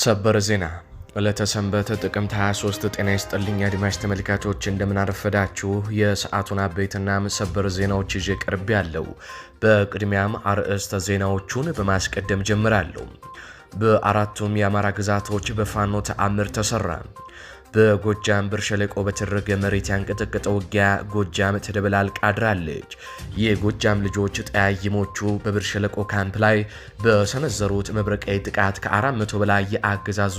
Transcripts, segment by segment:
ሰበር ዜና ዕለተ ሰንበት ጥቅምት 23። ጤና ይስጥልኝ አድማጭ ተመልካቾች፣ እንደምናረፈዳችሁ የሰዓቱን አበይትና ሰበር ዜናዎች ይዤ ቀርብ ያለው። በቅድሚያም አርዕስተ ዜናዎቹን በማስቀደም ጀምራለሁ። በአራቱም የአማራ ግዛቶች በፋኖ ተአምር ተሰራ። በጎጃም ብር ሸለቆ በተደረገ መሬት ያንቀጠቀጠ ውጊያ ጎጃም ተደበላልቅ አድራለች። የጎጃም ልጆች ጠያይሞቹ በብር ሸለቆ ካምፕ ላይ በሰነዘሩት መብረቃዊ ጥቃት ከ400 በላይ የአገዛዙ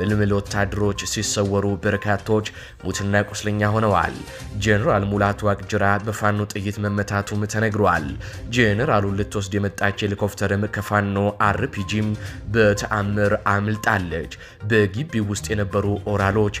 ምልምል ወታደሮች ሲሰወሩ በርካቶች ሙትና ቁስለኛ ሆነዋል። ጄኔራል ሙላቱ አቅጅራ በፋኖ ጥይት መመታቱም ተነግሯል። ጄኔራሉን ልትወስድ የመጣች ሄሊኮፕተርም ከፋኖ አርፒጂም በተአምር አምልጣለች። በግቢው ውስጥ የነበሩ ኦራሎች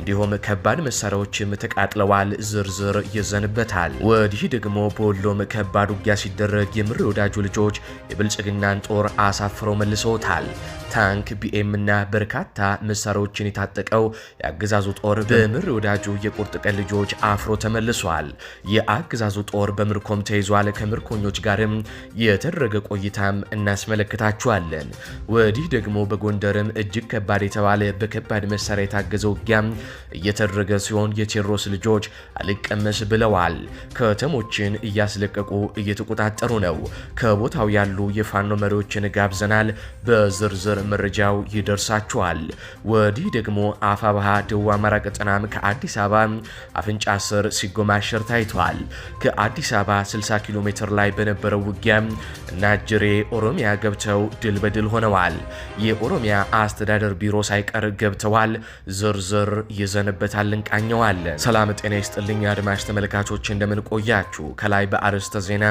እንዲሁም ከባድ መሳሪያዎችም ተቃጥለዋል። ዝርዝር ይዘንበታል። ወዲህ ደግሞ በወሎም ከባድ ውጊያ ሲደረግ የምር ወዳጁ ልጆች የብልጽግናን ጦር አሳፍረው መልሰውታል። ታንክ፣ ቢኤም እና በርካታ መሳሪያዎችን የታጠቀው የአገዛዙ ጦር በምር ወዳጁ የቁርጥ ቀን ልጆች አፍሮ ተመልሷል። የአገዛዙ ጦር በምርኮም ተይዟል። ከምርኮኞች ጋርም የተደረገ ቆይታም እናስመለክታችኋለን። ወዲህ ደግሞ በጎንደርም እጅግ ከባድ የተባለ በከባድ መሳሪያ የታገዘ ውጊያም እየተደረገ ሲሆን የቴዎድሮስ ልጆች አልቀመስ ብለዋል። ከተሞችን እያስለቀቁ እየተቆጣጠሩ ነው። ከቦታው ያሉ የፋኖ መሪዎችን ጋብዘናል። በዝርዝር መረጃው ይደርሳችኋል። ወዲህ ደግሞ አፋባሃ ደቡብ አማራ ቀጠናም ከአዲስ አበባ አፍንጫ ስር ሲጎማሸር ታይቷል። ከአዲስ አበባ 60 ኪሎ ሜትር ላይ በነበረው ውጊያ ናጅሬ ኦሮሚያ ገብተው ድል በድል ሆነዋል። የኦሮሚያ አስተዳደር ቢሮ ሳይቀር ገብተዋል። ዝርዝር ይዘንበታል፣ እንቃኘዋለን። ሰላም ጤና ይስጥልኝ አድማጭ ተመልካቾች፣ እንደምን ቆያችሁ? ከላይ በአርዕስተ ዜና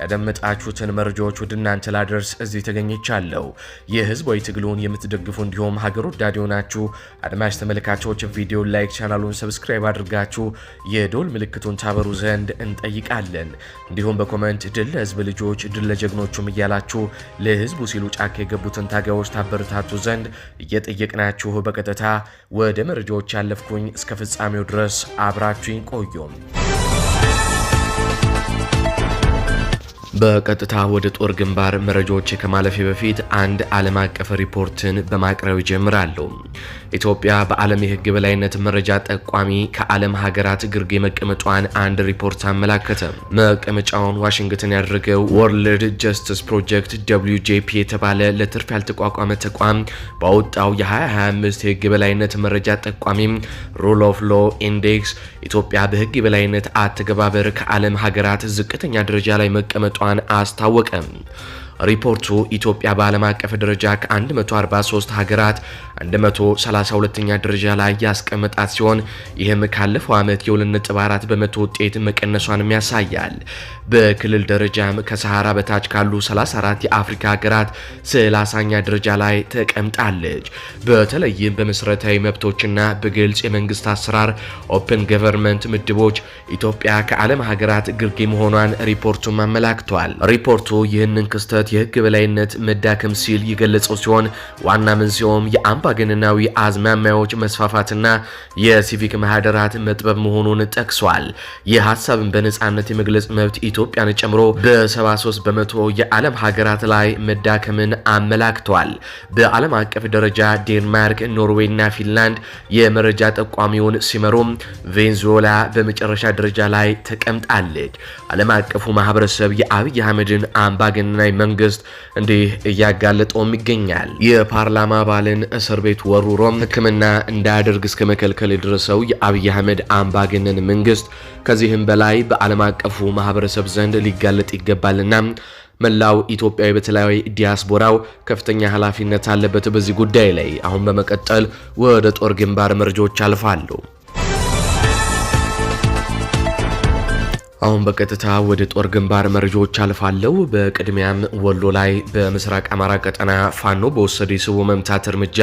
ያደመጣችሁትን መረጃዎች ወደ እናንተ ላደርስ እዚህ ተገኝቻለሁ። ይህ ህዝባዊ ትግሉን የምትደግፉ እንዲሁም ሀገር ወዳድ የሆናችሁ አድማጭ ተመልካቾች ቪዲዮ ላይክ፣ ቻናሉን ሰብስክራይብ አድርጋችሁ የዶል ምልክቱን ታበሩ ዘንድ እንጠይቃለን። እንዲሁም በኮመንት ድል ለህዝብ ልጆች፣ ድል ለጀግኖቹም እያላችሁ ለህዝቡ ሲሉ ጫካ የገቡትን ታጋዮች ታበረታቱ ዘንድ እየጠየቅናችሁ በቀጥታ ወደ መረጃዎች ያለፍኩኝ፣ እስከ ፍጻሜው ድረስ አብራችሁኝ ቆዩም። በቀጥታ ወደ ጦር ግንባር መረጃዎች ከማለፌ በፊት አንድ ዓለም አቀፍ ሪፖርትን በማቅረብ ይጀምራሉ። ኢትዮጵያ በዓለም የህግ በላይነት መረጃ ጠቋሚ ከዓለም ሀገራት ግርጌ መቀመጧን አንድ ሪፖርት አመላከተ። መቀመጫውን ዋሽንግተን ያደረገው ወርልድ ጀስቲስ ፕሮጀክት ደብሊው የተባለ ለትርፍ ያልተቋቋመ ተቋም ባወጣው የ2025 የህግ በላይነት መረጃ ጠቋሚ ሩል ኦፍ ሎ ኢንዴክስ ኢትዮጵያ በህግ በላይነት አተገባበር ከዓለም ሀገራት ዝቅተኛ ደረጃ ላይ መቀመጧ መውደቋን አስታወቀም ሪፖርቱ ኢትዮጵያ በዓለም አቀፍ ደረጃ ከ143 ሀገራት 132ኛ ደረጃ ላይ ያስቀመጣት ሲሆን ይህም ካለፈው ዓመት የ2.4 በመቶ ውጤት መቀነሷንም ያሳያል። በክልል ደረጃም ከሰሃራ በታች ካሉ 34 የአፍሪካ ሀገራት 30ኛ ደረጃ ላይ ተቀምጣለች። በተለይም በመሠረታዊ መብቶችና በግልጽ የመንግስት አሰራር ኦፕን ገቨርንመንት ምድቦች ኢትዮጵያ ከዓለም ሀገራት ግርጌ መሆኗን ሪፖርቱም አመላክቷል። ሪፖርቱ ይህንን ክስተት ያለበት የህግ በላይነት መዳከም ሲል የገለጸው ሲሆን ዋና መንስኤውም የአምባገነናዊ አዝማሚያዎች መስፋፋትና የሲቪክ ማህደራት መጥበብ መሆኑን ጠቅሷል። የሀሳብን በነፃነት የመግለጽ መብት ኢትዮጵያን ጨምሮ በ73 በመቶ የዓለም ሀገራት ላይ መዳከምን አመላክቷል። በዓለም አቀፍ ደረጃ ዴንማርክ፣ ኖርዌይ ፊንላንድ የመረጃ ጠቋሚውን ሲመሩም ቬንዙዌላ በመጨረሻ ደረጃ ላይ ተቀምጣለች። ዓለም አቀፉ ማህበረሰብ የአብይ አህመድን አምባገነናዊ መንግስት መንግስት እንዲህ እያጋለጠውም ይገኛል። የፓርላማ አባልን እስር ቤት ወሩሮም ሕክምና እንዳያደርግ እስከ መከልከል የደረሰው የአብይ አህመድ አምባገነን መንግስት ከዚህም በላይ በዓለም አቀፉ ማህበረሰብ ዘንድ ሊጋለጥ ይገባልና መላው ኢትዮጵያዊ በተለያዊ ዲያስፖራው ከፍተኛ ኃላፊነት አለበት በዚህ ጉዳይ ላይ። አሁን በመቀጠል ወደ ጦር ግንባር መረጃዎች አልፋሉ። አሁን በቀጥታ ወደ ጦር ግንባር መረጃዎች አልፋለሁ። በቅድሚያም ወሎ ላይ በምስራቅ አማራ ቀጠና ፋኖ በወሰደ የስቦ መምታት እርምጃ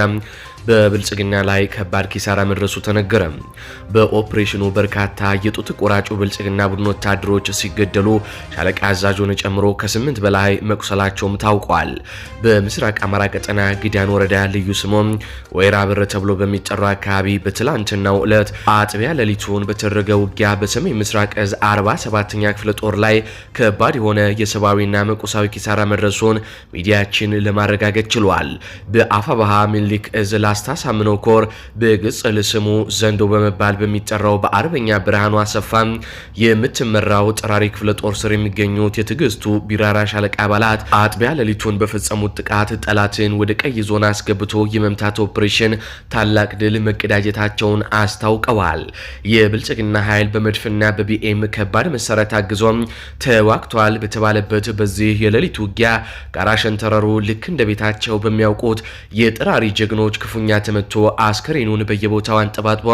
በብልጽግና ላይ ከባድ ኪሳራ መድረሱ ተነገረ። በኦፕሬሽኑ በርካታ የጡት ቆራጩ ብልጽግና ቡድን ወታደሮች ሲገደሉ ሻለቃ አዛዡን ጨምሮ ከስምንት በላይ መቁሰላቸውም ታውቋል። በምስራቅ አማራ ቀጠና ግዳን ወረዳ ልዩ ስሞም ወይራ ብር ተብሎ በሚጠራው አካባቢ በትላንትናው ዕለት አጥቢያ ሌሊቱን በተደረገ ውጊያ በሰሜን ምስራቅ እዝ 47ኛ ክፍለ ጦር ላይ ከባድ የሆነ የሰብአዊና መቁሳዊ ኪሳራ መድረሱን ሚዲያችን ለማረጋገጥ ችሏል። በአፋባሃ ሚኒሊክ እዝ ሳምኖ ኮር በቅጽል ስሙ ዘንዶ በመባል በሚጠራው በአርበኛ ብርሃኑ አሰፋ የምትመራው ጥራሪ ክፍለ ጦር ስር የሚገኙት የትዕግስቱ ቢራራ ሻለቃ አባላት አጥቢያ ሌሊቱን በፈጸሙት ጥቃት ጠላትን ወደ ቀይ ዞን አስገብቶ የመምታት ኦፕሬሽን ታላቅ ድል መቀዳጀታቸውን አስታውቀዋል። የብልጽግና ኃይል በመድፍና በቢኤም ከባድ መሳሪያ ታግዞም ተዋግቷል በተባለበት በዚህ የሌሊት ውጊያ ጋራሸንተረሩ ሸንተረሩ ልክ እንደ ቤታቸው በሚያውቁት የጠራሪ ጀግኖች ክፉ ክፉኛ ተመቶ አስከሬኑን በየቦታው አንጠባጥቦ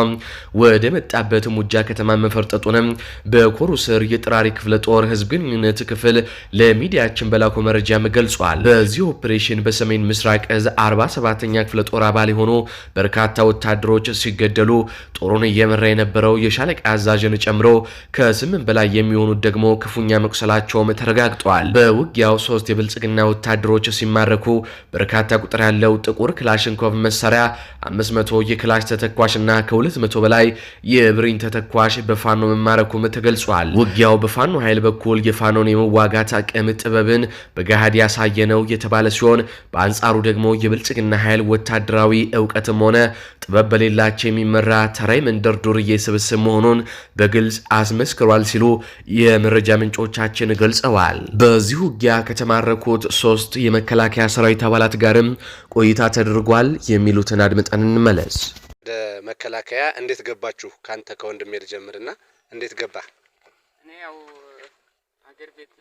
ወደ መጣበት ሙጃ ከተማ መፈርጠጡንም በኮሩ ስር የጥራሪ ክፍለ ጦር ህዝብ ግንኙነት ክፍል ለሚዲያችን በላኮ መረጃም ገልጿል። በዚህ ኦፕሬሽን በሰሜን ምስራቅ እዝ 47ኛ ክፍለ ጦር አባል የሆኑ በርካታ ወታደሮች ሲገደሉ ጦሩን እየመራ የነበረው የሻለቃ አዛዥን ጨምሮ ከስምንት በላይ የሚሆኑት ደግሞ ክፉኛ መቁሰላቸውም ተረጋግጧል። በውጊያው ሶስት የብልጽግና ወታደሮች ሲማረኩ በርካታ ቁጥር ያለው ጥቁር ክላሽንኮቭ መሳሪያ መሳሪያ 500 የክላሽ ተተኳሽና ከ200 በላይ የብሬን ተተኳሽ በፋኖ መማረኩም ተገልጿል። ውጊያው በፋኖ ኃይል በኩል የፋኖን የመዋጋት አቅም ጥበብን በገሃድ ያሳየ ነው የተባለ ሲሆን በአንጻሩ ደግሞ የብልጽግና ኃይል ወታደራዊ እውቀትም ሆነ ጥበብ በሌላቸው የሚመራ ተራይ መንደር ዱርዬ ስብስብ መሆኑን በግልጽ አስመስክሯል ሲሉ የመረጃ ምንጮቻችን ገልጸዋል። በዚህ ውጊያ ከተማረኩት ሶስት የመከላከያ ሰራዊት አባላት ጋርም ቆይታ ተደርጓል የሚሉት ያሉትን አድምጠን እንመለስ። ወደ መከላከያ እንዴት ገባችሁ? ከአንተ ከወንድሜ ልጀምርና እንዴት ገባ? እኔ ያው ሀገር ቤት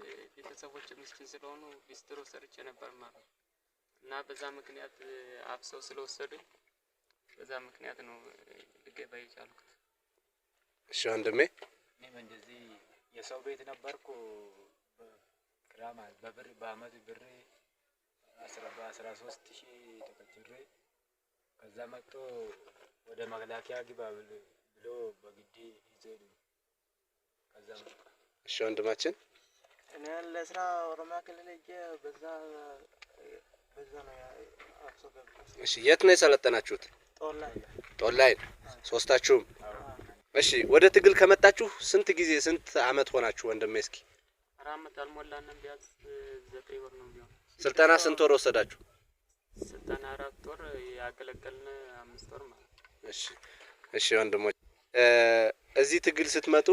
ቤተሰቦች ምስኪን ስለሆኑ ቢስትሮ ሰርቼ ነበር ማለት እና በዛ ምክንያት አብሰው ስለወሰዱኝ በዛ ምክንያት ነው ልገባ የቻልኩት። እሺ ወንድሜ እኔም እንደዚህ የሰው ቤት ነበርኩ። በብር በአመት ብሬ በአስራ ሶስት ሺህ ተቀጥሬ ከዛ መጥቶ ወደ መከላከያ ግባ ብሎ በግድ ይዘዱ። ከዛ እሺ ወንድማችን እኔ ለስራ ኦሮሚያ ክልል እጄ በዛ በዛ ነው አብሶ እሺ የት ነው የሰለጠናችሁት? ጦላይ ጦላይ ሶስታችሁም? እሺ ወደ ትግል ከመጣችሁ ስንት ጊዜ ስንት አመት ሆናችሁ ወንድሜ? እስኪ አራት አመት አልሞላንም፣ ቢያንስ ዘጠኝ ወር ነው ቢሆን። ስልጠና ስንት ወር ወሰዳችሁ? ስልጠና አራት ወር ያገለገልን አምስት ወር ማለት ነው። እሺ ወንድሞች እዚህ ትግል ስትመጡ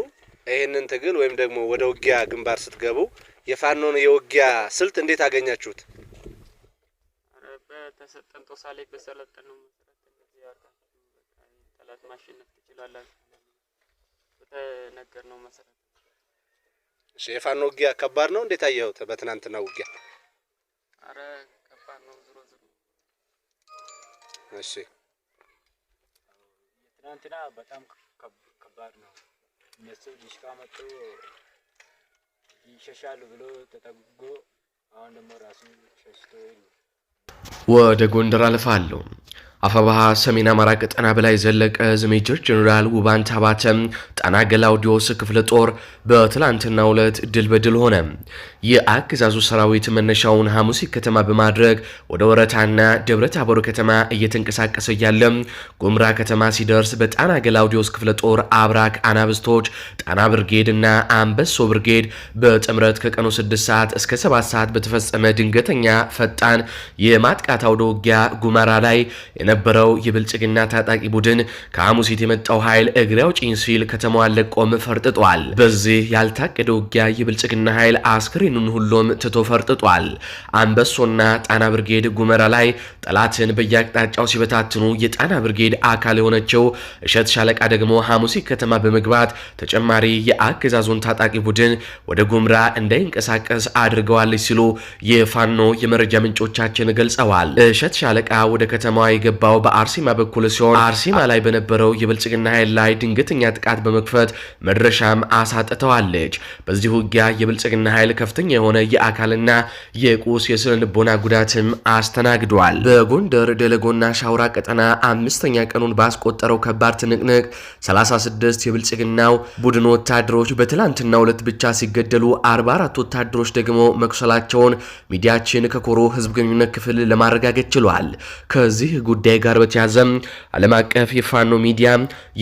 ይህንን ትግል ወይም ደግሞ ወደ ውጊያ ግንባር ስትገቡ የፋኖን የውጊያ ስልት እንዴት አገኛችሁት? በተሰጠን ጦሳ ላይ በሰለጠን መሰረት ጠላት ማሸነፍ ትችላላችሁ በተነገር ነው መሰረት። እሺ የፋኖ ውጊያ ከባድ ነው። እንዴት አየሁት በትናንትና ውጊያ? አረ እሺ ትናንትና በጣም ከባድ ነው። እነሱ ዲሽቃ መጡ ይሸሻሉ ብሎ ተጠጎ አሁን ደግሞ ራሱ ሸሽቶ ወደ ጎንደር አልፋለሁ። አፈባሃ ሰሜን አማራ ቀጠና በላይ ዘለቀ ሜጀር ጀኔራል ውባን ታባተ ጣና ገላውዲዮስ ክፍለ ጦር በትላንትናው ዕለት ድል በድል ሆነ። የአገዛዙ ሰራዊት መነሻውን ሐሙሲት ከተማ በማድረግ ወደ ወረታና ደብረ ታቦር ከተማ እየተንቀሳቀሰ እያለ ጉምራ ከተማ ሲደርስ በጣና ገላውዲዮስ ክፍለ ጦር አብራክ አናብስቶች ጣና ብርጌድ እና አንበሶ ብርጌድ በጥምረት ከቀኑ 6 ሰዓት እስከ 7 ሰዓት በተፈጸመ ድንገተኛ ፈጣን የማጥቃት አውደ ውጊያ ጉመራ ላይ የነበረው የብልጽግና ታጣቂ ቡድን ከሐሙሲት የመጣው ኃይል እግሬ አውጪኝ ሲል ከተማዋን ለቆም ፈርጥጧል። በዚህ ያልታቀደ ውጊያ የብልጽግና ኃይል አስክሬኑን ሁሉም ትቶ ፈርጥጧል። አንበሶና ጣና ብርጌድ ጉመራ ላይ ጠላትን በየአቅጣጫው ሲበታትኑ የጣና ብርጌድ አካል የሆነችው እሸት ሻለቃ ደግሞ ሐሙሲት ከተማ በመግባት ተጨማሪ የአገዛዙን ታጣቂ ቡድን ወደ ጉምራ እንዳይንቀሳቀስ አድርገዋለች ሲሉ የፋኖ የመረጃ ምንጮቻችን ገልጸዋል። እሸት ሻለቃ ወደ ከተማዋ የገባው በአርሲማ በኩል ሲሆን አርሲማ ላይ በነበረው የብልጽግና ኃይል ላይ ድንገተኛ ጥቃት በመክፈት መድረሻም አሳጥተዋለች። በዚህ ውጊያ የብልጽግና ኃይል ከፍተኛ የሆነ የአካልና የቁስ የስነ ልቦና ጉዳትም አስተናግዷል። በጎንደር ደለጎና ሻውራ ቀጠና አምስተኛ ቀኑን ባስቆጠረው ከባድ ትንቅንቅ 36 የብልጽግናው ቡድን ወታደሮች በትላንትና ሁለት ብቻ ሲገደሉ 44 ወታደሮች ደግሞ መቁሰላቸውን ሚዲያችን ከኮሮ ህዝብ ግንኙነት ክፍል ለማረጋገጥ ችሏል። ከዚህ ጉዳይ ጉዳይ ጋር በተያዘ ዓለም አቀፍ የፋኖ ሚዲያ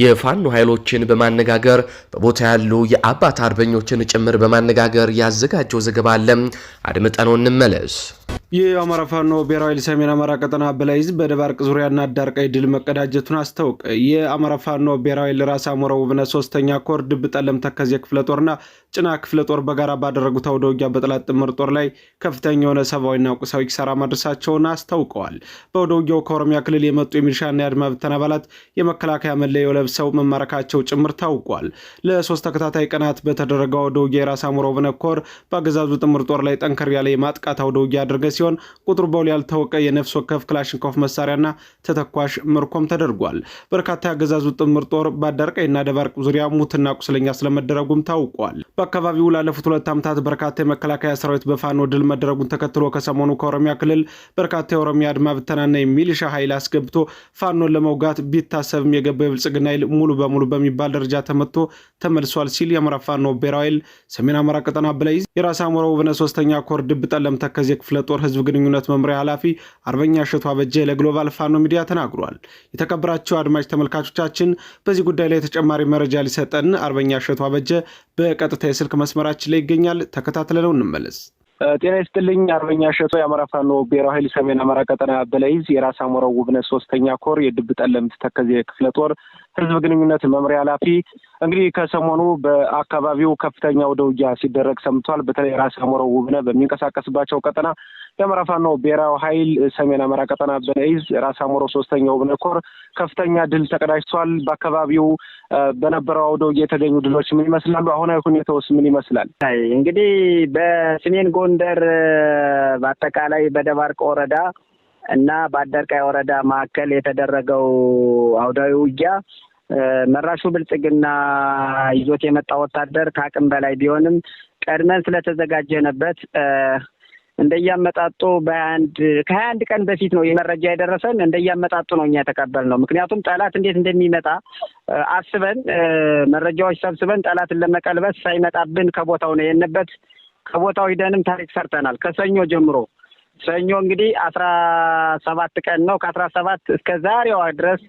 የፋኖ ኃይሎችን በማነጋገር በቦታ ያሉ የአባት አርበኞችን ጭምር በማነጋገር ያዘጋጀው ዘገባ አለ። አድምጠነው እንመለስ። የአማራ ፋኖ ብሔራዊ ኃይል ሰሜን አማራ ቀጠና በላይዝ በደባርቅ ዙሪያና አዳርቃይ ድል መቀዳጀቱን አስታወቀ። የአማራ ፋኖ ብሔራዊ ኃይል ራስ ውብነ ሶስተኛ ኮር ድብ ጠለም ተከዜ ክፍለ ጦርና ጭና ክፍለ ጦር በጋራ ባደረጉት አውደ ውጊያ በጠላት ጥምር ጦር ላይ ከፍተኛ የሆነ ሰብአዊና ቁሳዊ ኪሳራ ማድረሳቸውን አስታውቀዋል። በአውደ ውጊያው ከኦሮሚያ ክልል የመጡ የሚሊሻና የአድማ ብተን አባላት የመከላከያ መለያው ለብሰው መማረካቸው ጭምር ታውቋል። ለሶስት ተከታታይ ቀናት በተደረገው አውደ ውጊያ የራስ አሞረ ውብነ ኮር በአገዛዙ ጥምር ጦር ላይ ጠንከር ያለ የማጥቃት አውደ ውጊያ አድርገ ሲሆን ቁጥር በውል ያልታወቀ የነፍስ ወከፍ ክላሽንኮፍ መሳሪያና ተተኳሽ ምርኮም ተደርጓል። በርካታ የአገዛዙ ጥምር ጦር በአዳርቀይና ደባርቅ ዙሪያ ሙትና ቁስለኛ ስለመደረጉም ታውቋል። በአካባቢው ላለፉት ሁለት ዓመታት በርካታ የመከላከያ ሰራዊት በፋኖ ድል መደረጉን ተከትሎ ከሰሞኑ ከኦሮሚያ ክልል በርካታ የኦሮሚያ አድማ ብተናና የሚሊሻ ኃይል አስገብቶ ፋኖን ለመውጋት ቢታሰብም የገባው የብልጽግና ኃይል ሙሉ በሙሉ በሚባል ደረጃ ተመቶ ተመልሷል ሲል የአማራ ፋኖ ብሔራዊ ኃይል ሰሜን አማራ ቀጠና በላይ የራስ አሞራ ውብነ ሶስተኛ ኮር ድብ ጠለም ተከዜ ክፍለ ጦር ህዝብ ግንኙነት መምሪያ ኃላፊ አርበኛ እሸቱ አበጀ ለግሎባል ፋኖ ሚዲያ ተናግሯል። የተከበራቸው አድማጭ ተመልካቾቻችን በዚህ ጉዳይ ላይ ተጨማሪ መረጃ ሊሰጠን አርበኛ እሸቱ አበጀ በቀጥታ የስልክ መስመራችን ላይ ይገኛል። ተከታትለነው እንመለስ። ጤና ይስጥልኝ አርበኛ እሸቱ የአማራ ፋኖ ብሔራዊ ኃይል ሰሜን አማራ ቀጠና በለይዝ የራስ አሞራው ውብነት ሶስተኛ ኮር የድብ ጠለምት ተከዜ ክፍለ ጦር ህዝብ ግንኙነት መምሪያ ኃላፊ እንግዲህ ከሰሞኑ በአካባቢው ከፍተኛ ወደ ውጊያ ሲደረግ ሰምቷል። በተለይ ራስ አሞረው ውብነ በሚንቀሳቀስባቸው ቀጠና የአማራ ፋኖ ብሔራዊ ኃይል ሰሜን አማራ ቀጠና በነይዝ ራስ አሞረው ሶስተኛ ውብነ ኮር ከፍተኛ ድል ተቀዳጅቷል። በአካባቢው በነበረው አውደ ውጊያ የተገኙ ድሎች ምን ይመስላሉ? አሁናዊ ሁኔታውስ ምን ይመስላል? እንግዲህ በሰሜን ጎንደር በአጠቃላይ በደባርቅ ወረዳ እና በአደርቃይ ወረዳ መካከል የተደረገው አውዳዊ ውጊያ መራሹ ብልጽግና ይዞት የመጣ ወታደር ከአቅም በላይ ቢሆንም ቀድመን ስለተዘጋጀንበት እንደያመጣጡ በአንድ ከሀያ አንድ ቀን በፊት ነው የመረጃ የደረሰን። እንደያመጣጡ ነው እኛ ነው ምክንያቱም ጠላት እንዴት እንደሚመጣ አስበን መረጃዎች ሰብስበን ጠላትን ለመቀልበስ ሳይመጣብን ከቦታው ነው የንበት። ከቦታው ሂደንም ታሪክ ሰርተናል። ከሰኞ ጀምሮ ሰኞ እንግዲህ አስራ ሰባት ቀን ነው። ከአስራ ሰባት እስከ ዛሬዋ ድረስ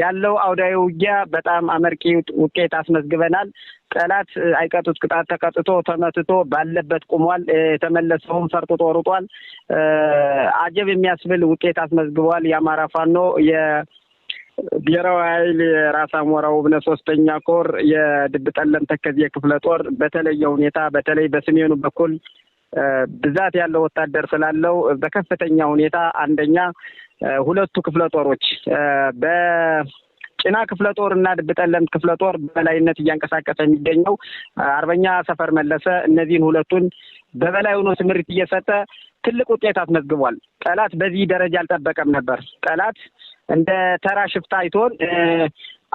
ያለው አውዳዊ ውጊያ በጣም አመርቂ ውጤት አስመዝግበናል። ጠላት አይቀጡት ቅጣት ተቀጥቶ ተመትቶ ባለበት ቁሟል። የተመለሰውም ፈርጥጦ ሩጧል። አጀብ የሚያስብል ውጤት አስመዝግቧል። የአማራ ፋኖ የብሔራዊ ኃይል የራስ አሞራው ውብነ ሶስተኛ ኮር የድብጠለም ተከዜ ክፍለ ጦር በተለየ ሁኔታ በተለይ በሰሜኑ በኩል ብዛት ያለው ወታደር ስላለው በከፍተኛ ሁኔታ አንደኛ ሁለቱ ክፍለ ጦሮች በጭና ክፍለ ጦር እና ድብጠለምት ክፍለ ጦር በበላይነት እያንቀሳቀሰ የሚገኘው አርበኛ ሰፈር መለሰ እነዚህን ሁለቱን በበላይ ሆኖ ትምህርት እየሰጠ ትልቅ ውጤት አስመዝግቧል። ጠላት በዚህ ደረጃ አልጠበቀም ነበር። ጠላት እንደ ተራ ሽፍታ አይቶን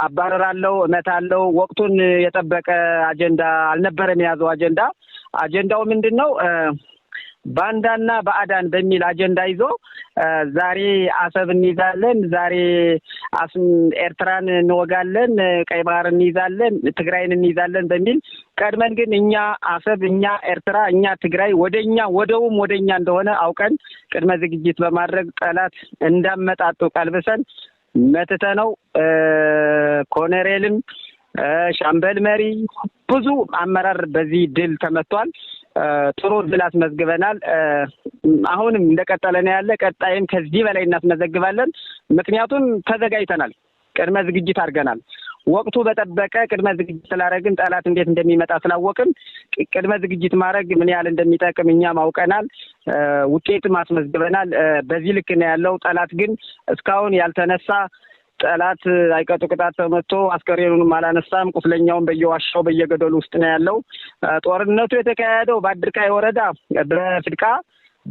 አባረራለው፣ እመታለው፣ ወቅቱን የጠበቀ አጀንዳ አልነበረም የያዘው አጀንዳ አጀንዳው ምንድን ነው? ባንዳና በአዳን በሚል አጀንዳ ይዞ ዛሬ አሰብ እንይዛለን፣ ዛሬ ኤርትራን እንወጋለን፣ ቀይ ባህር እንይዛለን፣ ትግራይን እንይዛለን በሚል ቀድመን ግን እኛ አሰብ፣ እኛ ኤርትራ፣ እኛ ትግራይ ወደ እኛ ወደቡም ወደ እኛ እንደሆነ አውቀን ቅድመ ዝግጅት በማድረግ ጠላት እንዳመጣጡ ቀልብሰን ነው ኮሎኔልም ሻምበል መሪ፣ ብዙ አመራር በዚህ ድል ተመቷል። ጥሩ ድል አስመዝግበናል። አሁንም እንደቀጠለ ነው ያለ። ቀጣይም ከዚህ በላይ እናስመዘግባለን። ምክንያቱም ተዘጋጅተናል፣ ቅድመ ዝግጅት አድርገናል። ወቅቱ በጠበቀ ቅድመ ዝግጅት ስላደረግን ጠላት እንዴት እንደሚመጣ ስላወቅን ቅድመ ዝግጅት ማድረግ ምን ያህል እንደሚጠቅም እኛም አውቀናል። ውጤትም አስመዝግበናል። በዚህ ልክ ነው ያለው። ጠላት ግን እስካሁን ያልተነሳ ጠላት አይቀጡ ቅጣት ተመቶ አስከሬኑንም አላነሳም። ቁስለኛውን በየዋሻው በየገደሉ ውስጥ ነው ያለው። ጦርነቱ የተካሄደው በአድርቃይ ወረዳ በፍድቃ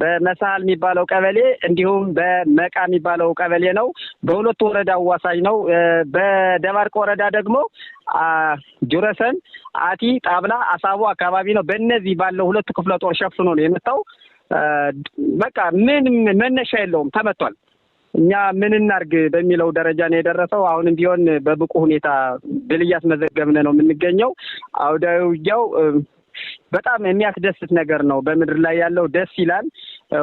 በመሳል የሚባለው ቀበሌ እንዲሁም በመቃ የሚባለው ቀበሌ ነው። በሁለቱ ወረዳ አዋሳኝ ነው። በደባርቅ ወረዳ ደግሞ ጁረሰን፣ አቲ፣ ጣብላ፣ አሳቦ አካባቢ ነው። በእነዚህ ባለው ሁለቱ ክፍለ ጦር ሸፍኖ ነው የመጣው። በቃ ምንም መነሻ የለውም። ተመቷል። እኛ ምን እናርግ በሚለው ደረጃ ነው የደረሰው። አሁንም ቢሆን በብቁ ሁኔታ ድል እያስመዘገብን ነው የምንገኘው። አውዳዊ ውጊያው በጣም የሚያስደስት ነገር ነው። በምድር ላይ ያለው ደስ ይላል።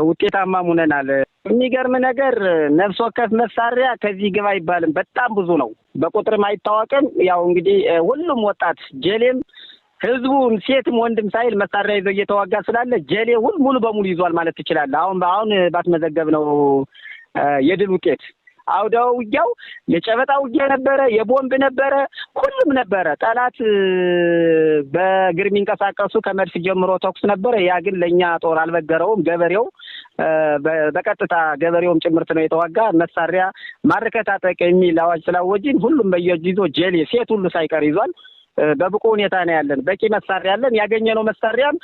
ውጤታማም ሆነናል። የሚገርም ነገር ነፍስ ወከፍ መሳሪያ ከዚህ ግብ አይባልም። በጣም ብዙ ነው፣ በቁጥርም አይታወቅም። ያው እንግዲህ ሁሉም ወጣት ጀሌም ህዝቡም ሴትም ወንድም ሳይል መሳሪያ ይዞ እየተዋጋ ስላለ ጀሌ ሁሉ ሙሉ በሙሉ ይዟል ማለት ትችላለህ። አሁን አሁን ባስመዘገብ ነው የድል ውጤት አውደ ውጊያው የጨበጣ ውጊያ ነበረ፣ የቦምብ ነበረ፣ ሁሉም ነበረ። ጠላት በእግር የሚንቀሳቀሱ ከመድፍ ጀምሮ ተኩስ ነበረ። ያ ግን ለእኛ ጦር አልበገረውም። ገበሬው በቀጥታ ገበሬውም ጭምርት ነው የተዋጋ። መሳሪያ ማርከታጠቅ የሚል አዋጅ ስላወጅን ሁሉም በየእጁ ይዞ ጄሌ ሴት ሁሉ ሳይቀር ይዟል። በብቁ ሁኔታ ነው ያለን። በቂ መሳሪያ አለን። ያገኘነው መሳሪያም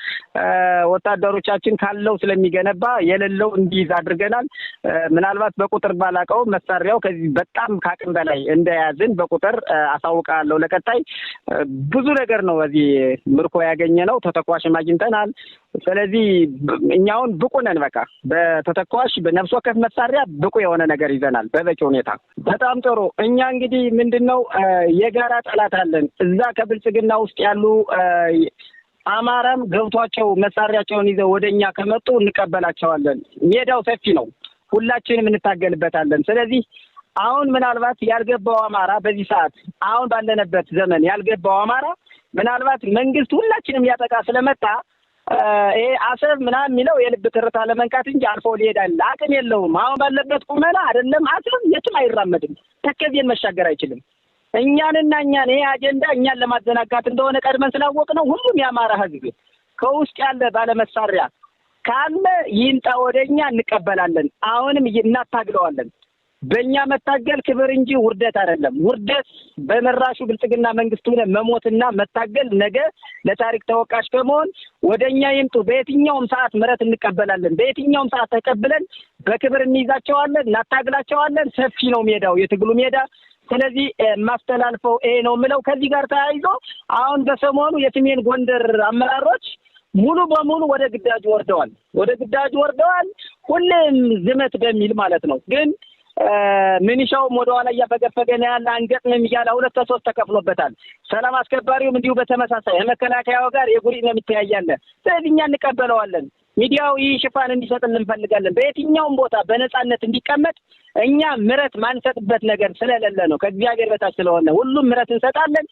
ወታደሮቻችን ካለው ስለሚገነባ የሌለው እንዲይዝ አድርገናል። ምናልባት በቁጥር ባላቀው መሳሪያው ከዚህ በጣም ከአቅም በላይ እንደያዝን በቁጥር አሳውቃለሁ። ለቀጣይ ብዙ ነገር ነው በዚህ ምርኮ ያገኘነው። ተተኳሽም አግኝተናል። ስለዚህ እኛውን ብቁ ነን። በቃ በተተኳሽ በነፍስ ወከፍ መሳሪያ ብቁ የሆነ ነገር ይዘናል በበቂ ሁኔታ። በጣም ጥሩ። እኛ እንግዲህ ምንድን ነው የጋራ ጠላት አለን። እዛ ከብልጽግና ውስጥ ያሉ አማራም ገብቷቸው መሳሪያቸውን ይዘው ወደ እኛ ከመጡ እንቀበላቸዋለን። ሜዳው ሰፊ ነው፣ ሁላችንም እንታገልበታለን። ስለዚህ አሁን ምናልባት ያልገባው አማራ በዚህ ሰዓት አሁን ባለንበት ዘመን ያልገባው አማራ ምናልባት መንግስት ሁላችንም ያጠቃ ስለመጣ ይሄ አሰብ ምናምን የሚለው የልብ ትርታ ለመንካት እንጂ አልፎ ሊሄዳል አቅም የለውም። አሁን ባለበት ቁመና አይደለም አሰብ የትም አይራመድም፣ ተከዜን መሻገር አይችልም። እኛንና እኛን ይሄ አጀንዳ እኛን ለማዘናጋት እንደሆነ ቀድመን ስላወቅ ነው። ሁሉም የአማራ ህዝብ ከውስጥ ያለ ባለመሳሪያ ካለ ይምጣ ወደ እኛ እንቀበላለን። አሁንም እናታግለዋለን። በእኛ መታገል ክብር እንጂ ውርደት አይደለም። ውርደት በመራሹ ብልጽግና መንግስት ሆነ መሞትና መታገል ነገ ለታሪክ ተወቃሽ ከመሆን ወደ እኛ ይምጡ። በየትኛውም ሰዓት ምረት እንቀበላለን። በየትኛውም ሰዓት ተቀብለን በክብር እንይዛቸዋለን፣ እናታግላቸዋለን። ሰፊ ነው ሜዳው፣ የትግሉ ሜዳ። ስለዚህ የማስተላልፈው ይሄ ነው የምለው። ከዚህ ጋር ተያይዞ አሁን በሰሞኑ የሰሜን ጎንደር አመራሮች ሙሉ በሙሉ ወደ ግዳጅ ወርደዋል፣ ወደ ግዳጅ ወርደዋል። ሁሌም ዝመት በሚል ማለት ነው ግን ምንሻውም ኋላ እያፈገፈገ ነው ያለ፣ አንገጥምም እያለ ሁለት ከሶስት ተከፍሎበታል። ሰላም አስከባሪውም እንዲሁ በተመሳሳይ መከላከያው ጋር የጉሪ ነው የሚተያያለ። ስለዚህ እኛ እንቀበለዋለን። ሚዲያው ይህ ሽፋን እንዲሰጥልን እንፈልጋለን። በየትኛውም ቦታ በነፃነት እንዲቀመጥ እኛ ምረት ማንሰጥበት ነገር ስለሌለ ነው። ከእግዚአብሔር በታች ስለሆነ ሁሉም ምረት እንሰጣለን።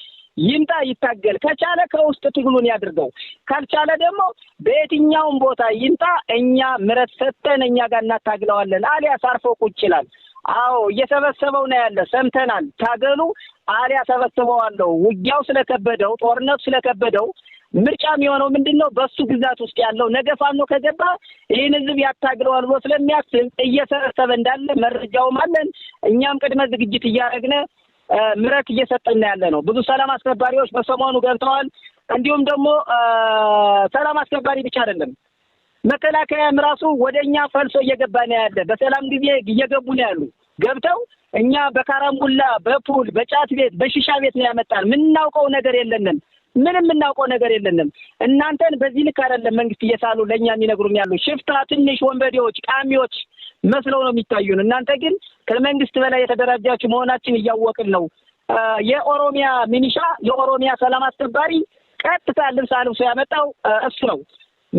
ይምጣ፣ ይታገል። ከቻለ ከውስጥ ትግሉን ያድርገው፣ ካልቻለ ደግሞ በየትኛውም ቦታ ይምጣ። እኛ ምረት ሰጠን እኛ ጋር እናታግለዋለን። አሊያስ አርፎ ቁጭ ይላል። አዎ እየሰበሰበው ነው ያለ ሰምተናል። ታገሉ አሊያ ሰበስበዋለሁ። ውጊያው ስለከበደው፣ ጦርነቱ ስለከበደው ምርጫ የሚሆነው ምንድን ነው? በሱ ግዛት ውስጥ ያለው ነገ ፋኖ ከገባ ይህን ህዝብ ያታግለዋል ብሎ ስለሚያስብ እየሰበሰበ እንዳለ መረጃውም አለን። እኛም ቅድመ ዝግጅት እያደረግነ ምረት እየሰጠና ያለ ነው። ብዙ ሰላም አስከባሪዎች በሰሞኑ ገብተዋል። እንዲሁም ደግሞ ሰላም አስከባሪ ብቻ አይደለም መከላከያም ራሱ ወደ እኛ ፈልሶ እየገባ ነው ያለ። በሰላም ጊዜ እየገቡ ነው ያሉ ገብተው እኛ በካራምቡላ በፑል በጫት ቤት በሽሻ ቤት ነው ያመጣን። ምናውቀው ነገር የለንም። ምን የምናውቀው ነገር የለንም። እናንተን በዚህ ልክ አይደለም መንግስት እየሳሉ ለእኛ የሚነግሩን ያሉ ሽፍታ፣ ትንሽ ወንበዴዎች፣ ቃሚዎች መስለው ነው የሚታዩን። እናንተ ግን ከመንግስት በላይ የተደራጃችሁ መሆናችን እያወቅን ነው። የኦሮሚያ ሚኒሻ፣ የኦሮሚያ ሰላም አስከባሪ ቀጥታ ልብስ አልብሶ ያመጣው እሱ ነው።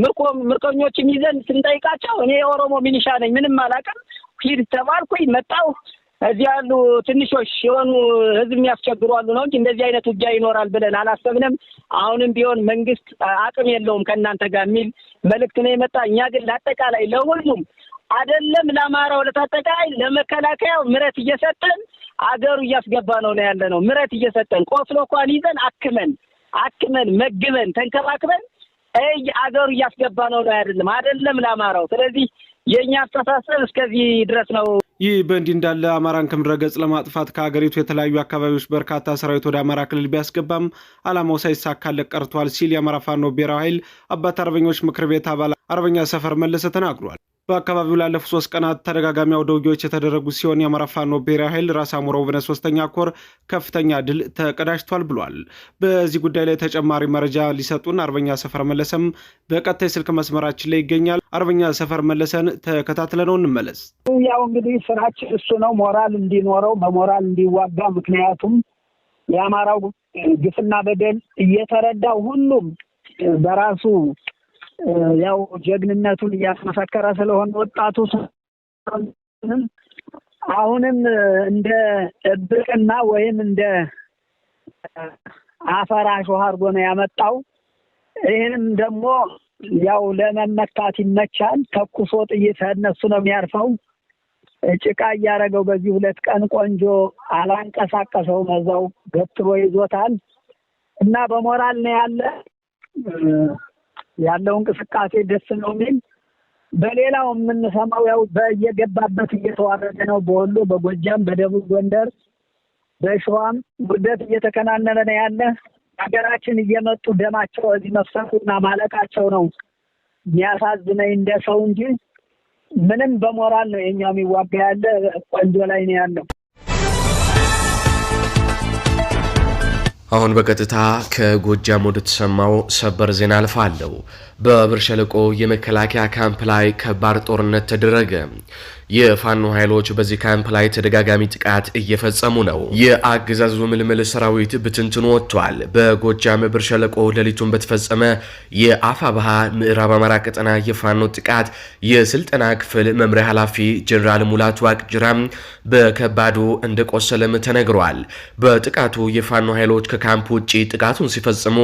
ምርኮ ምርኮኞችም ይዘን ስንጠይቃቸው እኔ የኦሮሞ ሚኒሻ ነኝ ምንም አላውቅም ሂድ ተባልኩኝ መጣሁ። እዚህ ያሉ ትንሾች የሆኑ ህዝብ የሚያስቸግሩ አሉ ነው እንጂ እንደዚህ አይነት ውጊያ ይኖራል ብለን አላሰብንም። አሁንም ቢሆን መንግስት አቅም የለውም ከእናንተ ጋር የሚል መልእክት ነው የመጣ። እኛ ግን ለአጠቃላይ ለሁሉም አይደለም ለአማራው ለታጠቃይ ለመከላከያው ምረት እየሰጠን አገሩ እያስገባ ነው ነው ያለ ነው ምረት እየሰጠን ቆስሎ እንኳን ይዘን አክመን አክመን መግበን ተንከባክበን አገሩ እያስገባ ነው ነው አይደለም አይደለም ለአማራው። ስለዚህ የእኛ አስተሳሰብ እስከዚህ ድረስ ነው። ይህ በእንዲህ እንዳለ አማራን ከምድረ ገጽ ለማጥፋት ከሀገሪቱ የተለያዩ አካባቢዎች በርካታ ሰራዊት ወደ አማራ ክልል ቢያስገባም ዓላማው ሳይሳካለት ቀርቷል ሲል የአማራ ፋኖ ብሔራዊ ኃይል አባት አርበኞች ምክር ቤት አባል አርበኛ ሰፈር መለሰ ተናግሯል። በአካባቢው ላለፉት ሶስት ቀናት ተደጋጋሚ አውደ ውጊያዎች የተደረጉ ሲሆን የአማራ ፋኖ ብሔራዊ ኃይል ራስ አሞራ ውብነ ሶስተኛ ኮር ከፍተኛ ድል ተቀዳጅቷል ብሏል። በዚህ ጉዳይ ላይ ተጨማሪ መረጃ ሊሰጡን አርበኛ ሰፈር መለሰም በቀጥታ የስልክ መስመራችን ላይ ይገኛል። አርበኛ ሰፈር መለሰን ተከታትለ ነው እንመለስ። ያው እንግዲህ ስራችን እሱ ነው። ሞራል እንዲኖረው በሞራል እንዲዋጋ ምክንያቱም የአማራው ግፍና በደል እየተረዳ ሁሉም በራሱ ያው ጀግንነቱን እያስመሰከረ ስለሆነ ወጣቱ አሁንም እንደ እብቅና ወይም እንደ አፈር አሸዋ አድርጎ ነው ያመጣው። ይህንም ደግሞ ያው ለመመካት ይመቻል። ተኩሶ ጥይት እነሱ ነው የሚያርፈው። ጭቃ እያደረገው በዚህ ሁለት ቀን ቆንጆ አላንቀሳቀሰውም። እዛው ገትሮ ይዞታል እና በሞራል ነው ያለ ያለው እንቅስቃሴ ደስ ነው የሚል። በሌላው የምንሰማው ያው በየገባበት እየተዋረደ ነው። በወሎ፣ በጎጃም፣ በደቡብ ጎንደር፣ በሸዋም ውርደት እየተከናነነ ነው ያለ። ሀገራችን እየመጡ ደማቸው እዚህ መፍሰሱና ማለቃቸው ነው የሚያሳዝነኝ እንደ ሰው እንጂ ምንም በሞራል ነው የኛ የሚዋጋ ያለ ቆንጆ ላይ ነው ያለው። አሁን በቀጥታ ከጎጃም ወደ ተሰማው ሰበር ዜና አልፋለሁ። በብር ሸለቆ የመከላከያ ካምፕ ላይ ከባድ ጦርነት ተደረገ። የፋኖ ኃይሎች በዚህ ካምፕ ላይ ተደጋጋሚ ጥቃት እየፈጸሙ ነው። የአገዛዙ ምልምል ሰራዊት ብትንትኑ ወጥቷል። በጎጃም ብር ሸለቆ ሌሊቱን በተፈጸመ የአፋብሃ ምዕራብ አማራ ቀጠና የፋኖ ጥቃት የስልጠና ክፍል መምሪያ ኃላፊ ጀኔራል ሙላቱ አቅጅራም በከባዱ እንደቆሰለም ተነግሯል። በጥቃቱ የፋኖ ኃይሎች ከካምፕ ውጭ ጥቃቱን ሲፈጽሙ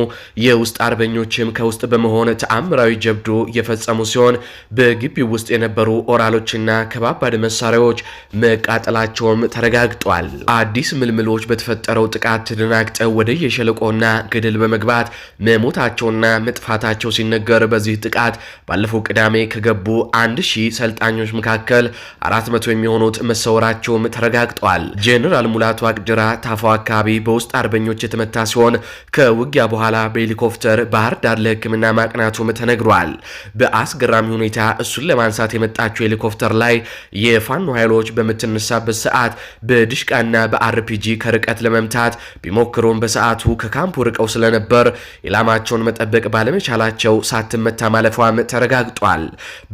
የውስጥ አርበኞችም ከውስጥ በመሆን ተአምራዊ ጀብዶ የፈጸሙ ሲሆን በግቢው ውስጥ የነበሩ ኦራሎችና ከባ ከባባድ መሳሪያዎች መቃጠላቸውም ተረጋግጧል። አዲስ ምልምሎች በተፈጠረው ጥቃት ተደናግጠው ወደ የሸለቆና ገደል በመግባት መሞታቸውና መጥፋታቸው ሲነገር በዚህ ጥቃት ባለፈው ቅዳሜ ከገቡ አንድ ሺህ ሰልጣኞች መካከል አራት መቶ የሚሆኑት መሰወራቸውም ተረጋግጧል። ጄኔራል ሙላቱ አቅድራ ታፋው አካባቢ በውስጥ አርበኞች የተመታ ሲሆን ከውጊያ በኋላ በሄሊኮፕተር ባህር ዳር ለሕክምና ማቅናቱም ተነግሯል። በአስገራሚ ሁኔታ እሱን ለማንሳት የመጣቸው ሄሊኮፕተር ላይ የፋኖ ኃይሎች በምትነሳበት ሰዓት በድሽቃና በአርፒጂ ከርቀት ለመምታት ቢሞክሩም በሰዓቱ ከካምፑ ርቀው ስለነበር ኢላማቸውን መጠበቅ ባለመቻላቸው ሳትመታ ማለፏም ተረጋግጧል።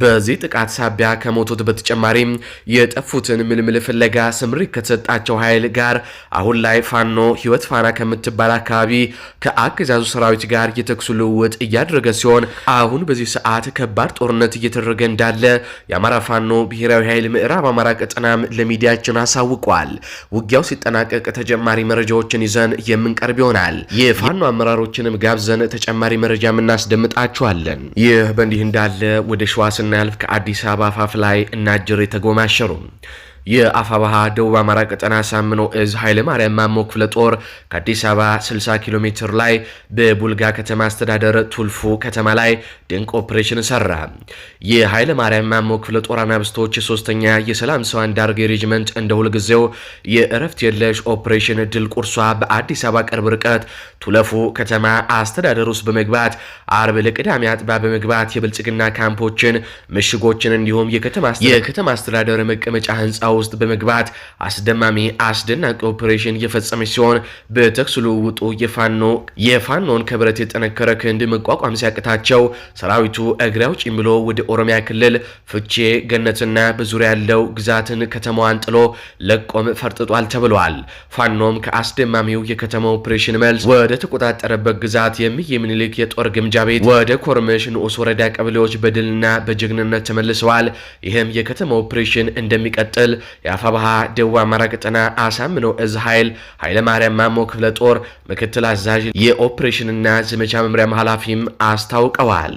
በዚህ ጥቃት ሳቢያ ከሞቱት በተጨማሪም የጠፉትን ምልምል ፍለጋ ስምሪት ከተሰጣቸው ኃይል ጋር አሁን ላይ ፋኖ ህይወት ፋና ከምትባል አካባቢ ከአገዛዙ ሰራዊት ጋር የተኩስ ልውውጥ እያደረገ ሲሆን አሁን በዚህ ሰዓት ከባድ ጦርነት እየተደረገ እንዳለ የአማራ ፋኖ ብሔራዊ ኃይል ምዕራብ አማራ ቀጠናም ለሚዲያችን አሳውቋል። ውጊያው ሲጠናቀቅ ተጨማሪ መረጃዎችን ይዘን የምንቀርብ ይሆናል። የፋኖ አመራሮችንም ጋብዘን ተጨማሪ መረጃ እናስደምጣችኋለን። ይህ በእንዲህ እንዳለ ወደ ሸዋ ስናልፍ ከአዲስ አበባ አፋፍ ላይ እናጅር የተጎማሸሩም የአፋባሃ ደቡብ አማራ ቀጠና ሳምኖ እዝ ኃይለ ማርያም ማሞ ክፍለ ጦር ከአዲስ አበባ 60 ኪሎ ሜትር ላይ በቡልጋ ከተማ አስተዳደር ቱልፉ ከተማ ላይ ድንቅ ኦፕሬሽን ሰራ። የኃይለ ማርያም ማሞ ክፍለ ጦር አናብስቶች የሶስተኛ የሰላም ሰው አንዳርጌ ሬጅመንት እንደ ሁልጊዜው የእረፍት የለሽ ኦፕሬሽን ድል ቁርሷ በአዲስ አበባ ቅርብ ርቀት ቱለፉ ከተማ አስተዳደር ውስጥ በመግባት አርብ ለቅዳሜ አጥባ በመግባት የብልጽግና ካምፖችን፣ ምሽጎችን እንዲሁም የከተማ አስተዳደር መቀመጫ ህንፃው ውስጥ በመግባት አስደማሚ አስደናቂ ኦፕሬሽን እየፈጸመች ሲሆን በተኩስ ልውውጡ የፋኖ የፋኖን ከብረት የጠነከረ ክንድ መቋቋም ሲያቅታቸው ሰራዊቱ እግሬ አውጪኝ ብሎ ወደ ኦሮሚያ ክልል ፍቼ ገነትና በዙሪያ ያለው ግዛትን ከተማዋን ጥሎ ለቆም ፈርጥጧል ተብሏል። ፋኖም ከአስደማሚው የከተማ ኦፕሬሽን መልስ ወደ ተቆጣጠረበት ግዛት የሚየ ምኒልክ የጦር ግምጃ ቤት ወደ ኮርመሽ ንዑስ ወረዳ ቀበሌዎች በድልና በጀግንነት ተመልሰዋል። ይህም የከተማ ኦፕሬሽን እንደሚቀጥል የአፋባሃ ደቡብ አማራ ቀጠና አሳምነው እዝ ኃይል ኃይለማርያም ማሞ ክፍለ ጦር ምክትል አዛዥ የኦፕሬሽንና ዘመቻ መምሪያም ኃላፊም አስታውቀዋል።